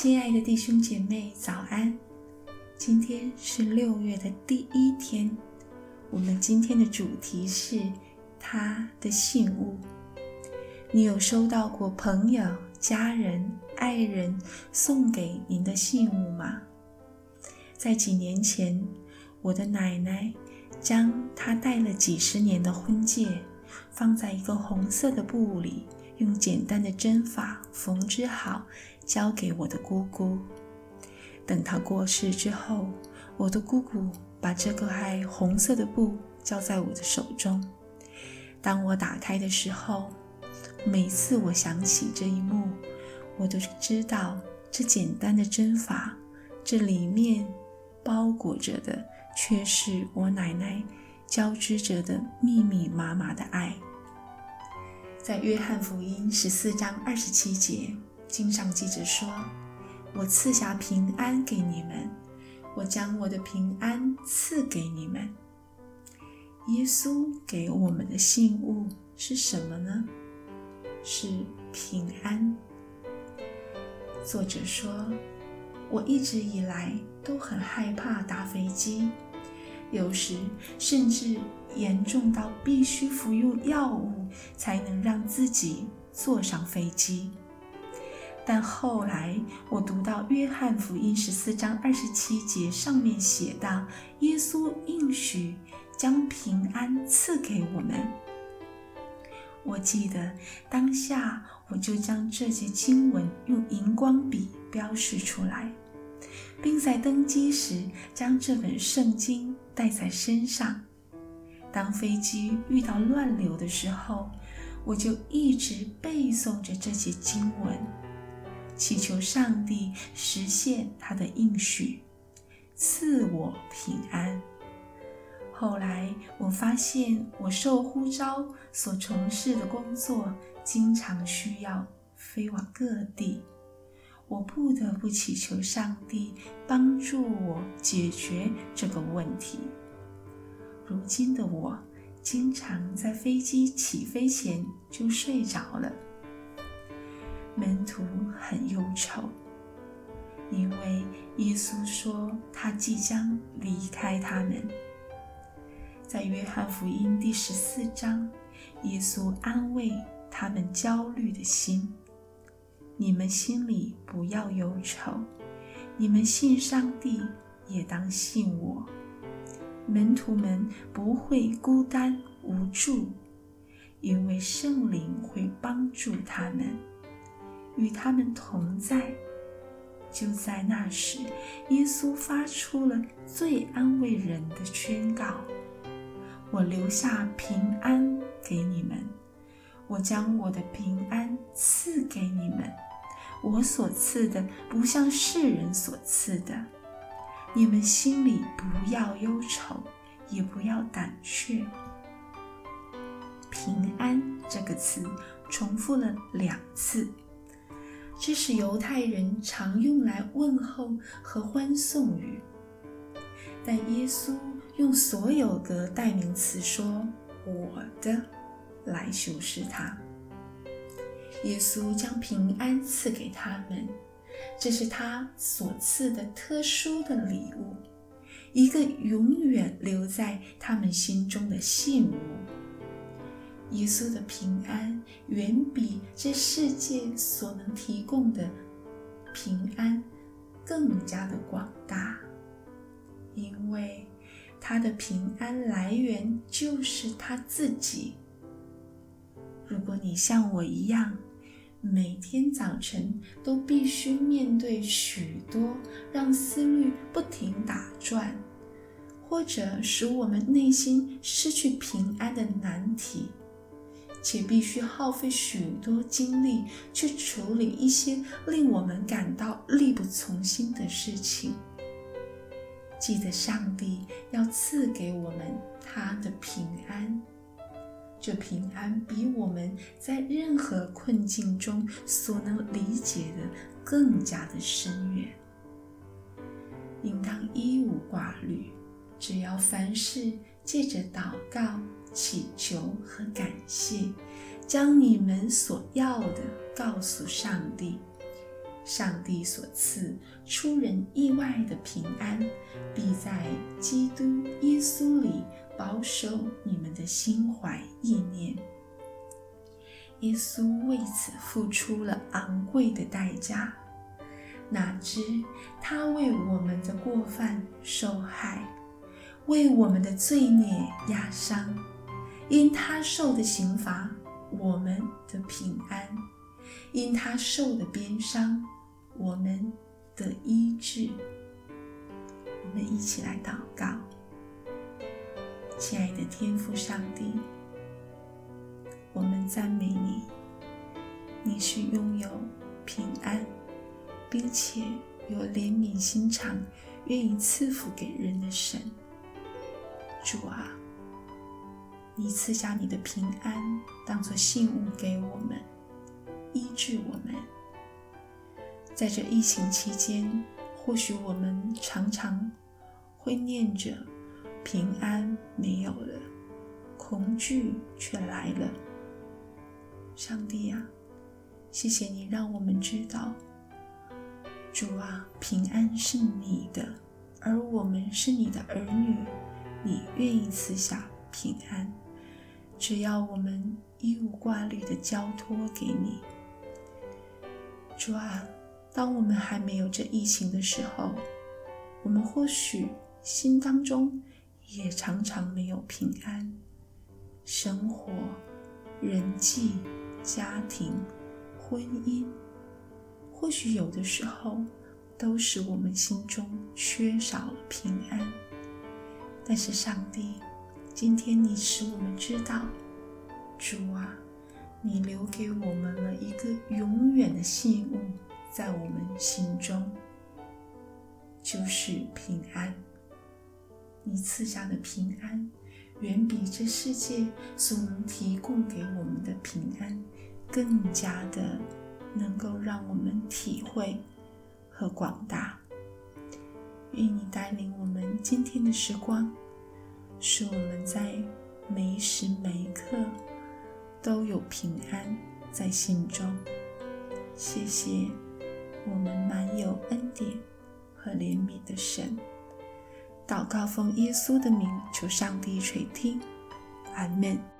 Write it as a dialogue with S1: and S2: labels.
S1: 親愛的弟兄姐妹，早安！今天是六月的第一天。我們今天的主題是祂的信物。你有收到過朋友、家人、愛人送給您的信物嗎？在幾年前，我的奶奶將她戴了幾十年的婚戒放在一個紅色的布裡，用簡單的針法縫製好。交給我的姑姑，等她過世之後，我的姑姑把這塊紅色的布交在我的手中。當我打開的時候，每次我想起這一幕，我都知道這簡單的針法，這裡面包裹着的卻是我奶奶交織着的密密麻麻的愛。在約翰福音十四章二十七節。經上記著說：“我賜下平安給你們，我將我的平安賜給你們。”耶穌給我們的信物是什麼呢？是平安。作者說：“我一直以來都很害怕打飛機，有時甚至嚴重到必須服用藥物才能讓自己坐上飛機。”但後來我讀到《約翰福音》十四章二十七節，上面寫道：“耶穌應許將平安賜給我們。”我記得當下我就將這些經文用熒光筆標示出來，並在登機時將這本聖經帶在身上。當飛機遇到亂流的時候，我就一直背誦着這些經文。祈求上帝實現他的應許，賜我平安。後來我發現，我受呼召所從事的工作經常需要飛往各地，我不得不祈求上帝幫助我解決這個問題。如今的我，經常在飛機起飛前就睡着了。門徒很憂愁，因為耶穌說他即將離開他們，在約翰福音第十四章，耶穌安慰他們焦慮的心：“你們心裡不要憂愁，你們信上帝，也當信我。”門徒們不會孤單無助，因為聖靈會幫助他們。與他們同在。就在那時，耶穌發出了最安慰人的宣告：“我留下平安給你們，我將我的平安賜給你們。我所賜的，不像世人所賜的。你們心裡不要憂愁，也不要膽怯。”平安這個詞重複了兩次。這是猶太人常用來問候和歡送語，但耶穌用所有的代名詞說“我的”來修飾它。耶穌將平安賜給他們，這是他所賜的特殊的禮物，一個永遠留在他們心中的信物。耶穌的平安遠比這世界所能提供的平安更加的廣大，因為他的平安來源就是他自己。如果你像我一樣，每天早晨都必須面對許多讓思慮不停打轉，或者使我們內心失去平安的難題。且必須耗費許多精力去處理一些令我們感到力不從心的事情。記得上帝要賜給我們他的平安，這平安比我們在任何困境中所能理解的更加的深遠。應當一無掛慮，只要凡事借着禱告、祈求和感謝，將你們所要的告訴上帝。上帝所賜出人意外的平安，必在基督耶穌裡保守你們的心懷意念。耶穌為此付出了昂貴的代價，哪知他為我們的過犯受害，為我們的罪孽壓傷。因他受的刑罰，我們的平安；因他受的鞭傷，我們的醫治。我們一起來禱告，親愛的天父上帝，我們讚美你，你是擁有平安，並且有憐憫心腸，願意賜福給人的神。主啊。你賜下你的平安，當作信物給我們，醫治我們。在這疫情期間，或許我們常常會念着平安沒有了，恐懼卻來了。上帝啊，謝謝你讓我們知道，主啊，平安是你的，而我們是你的兒女，你願意賜下平安。只要我們一無掛慮的交托給你，主啊，當我們還沒有這疫情的時候，我們或許心當中也常常沒有平安，生活、人際、家庭、婚姻，或許有的時候都使我們心中缺少了平安，但是上帝。今天你使我們知道，主啊，你留給我們了一個永遠的信物，在我們心中，就是平安。你賜下的平安，遠比這世界所能提供給我們的平安，更加的能夠讓我們體會和廣大。願你帶領我們今天的時光。使我們在每一時每一刻都有平安在心中。謝謝我們滿有恩典和憐憫的神。禱告奉耶穌的名，求上帝垂聽。阿門。